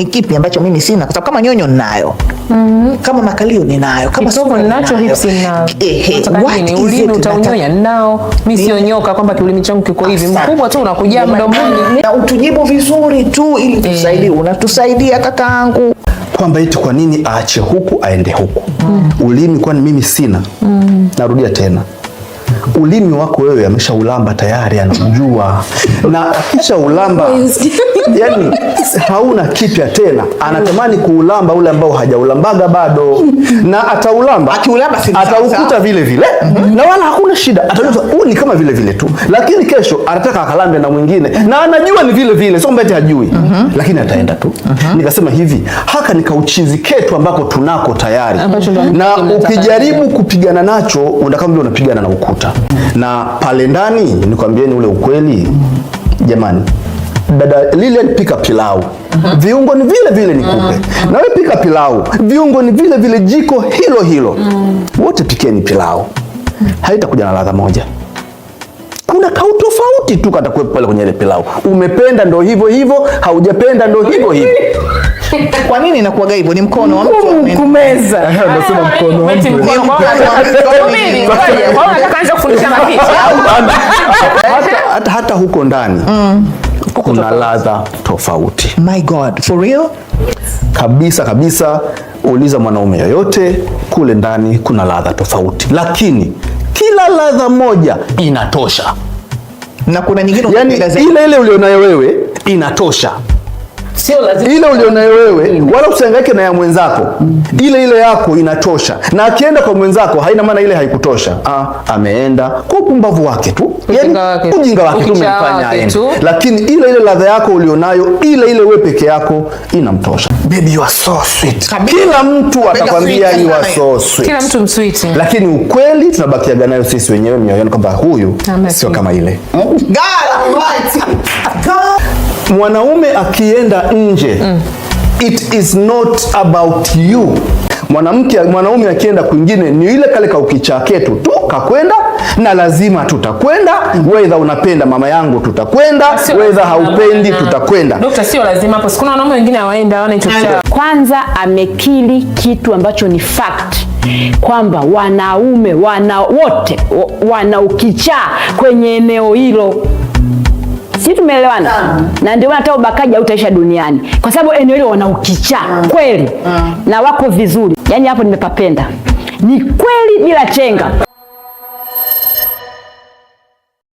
ni kipi ambacho mimi sina, kwa sababu kama nyonyo ninayo mm. kama makalio ninayo, kama soko ninacho, hips ninayo, ulimi utaunyonya ninao mimi, sio nyoka kwamba kiulimi changu kiko hivi, mkubwa tu unakuja mdomoni, na utujibu vizuri tu ili eh. tusaidie. Unatusaidia kakaangu kwamba eti kwa nini aache huku aende huku mm. ulimi kwani mimi sina mm. narudia tena ulimi wako wewe ameshaulamba tayari, anajua na kisha ulamba yani hauna kipya tena, anatamani kuulamba ule ambao hajaulambaga bado, na ataulamba ataukuta vile vile mhm. na wala hakuna shida, atajua huu ni kama vile vile tu, lakini kesho anataka akalambe na mwingine, na anajua ni vile vile, sio mbete hajui mm -hmm. lakini ataenda tu mm -hmm. Nikasema hivi haka ni kauchizi ketu ambako tunako tayari mm -hmm. na ukijaribu kupigana nacho kama vile unapigana na ukuta na pale ndani nikwambieni ule ukweli jamani. Dada lile pika pilau, viungo ni vile vile, nikupe na wewe pika pilau, viungo ni vile vile, jiko hilo hilo, mm. wote pikeni pilau, haitakuja na ladha moja kuna kautofauti tu katakuwepo pale kwenye ile pilau. Umependa ndo hivyo hivyo, haujapenda ndo hivyo hivyo. Kwa nini inakuwaga hivyo? Ni mkono wa mtu kumeza. Unasema mkono wa mtu. ni mkono wa mtu. kufundisha hata Hata huko ndani mm. kuna ladha tofauti. My God, for real? Kabisa kabisa, uliza mwanaume yoyote, kule ndani kuna ladha tofauti, lakini kila ladha moja inatosha, na kuna nyingine yani ile ile ulionayo wewe inatosha sio lazima ile ulionayo wewe, wala usihangaike na ya mwenzako. Ile ile yako inatosha na akienda kwa mwenzako haina maana ile haikutosha. Ah, ameenda kwa upumbavu wake tu, yani ujinga wake tu umemfanya aende, lakini ile ile ladha yako ulionayo, ile ile wewe peke yako inamtosha. Baby, you are so sweet. Kila mtu atakwambia you are so sweet, kila mtu msweet, lakini ukweli tunabakiaga nayo sisi wenyewe mioyoni kwamba huyu sio kama ile mwanaume akienda nje mm. It is not about you. Mwanamke, mwanaume akienda kwingine ni ile kale ka ketu tu kakwenda na lazima tutakwenda, wedha unapenda mama yangu, tutakwenda, wedha haupendi, tutakwenda. Dokta, sio lazima hapo, sikuna wanaume wengine hawaenda hicho. Kwanza amekili kitu ambacho ni fact kwamba wanaume wana wote wana ukichaa kwenye eneo hilo si tumeelewana. Na ndio hata ubakaji hautaisha duniani. Kwa sababu eneo hilo ukichaa kweli. Mm. Na wako vizuri. Yaani hapo nimepapenda. Ni kweli bila chenga.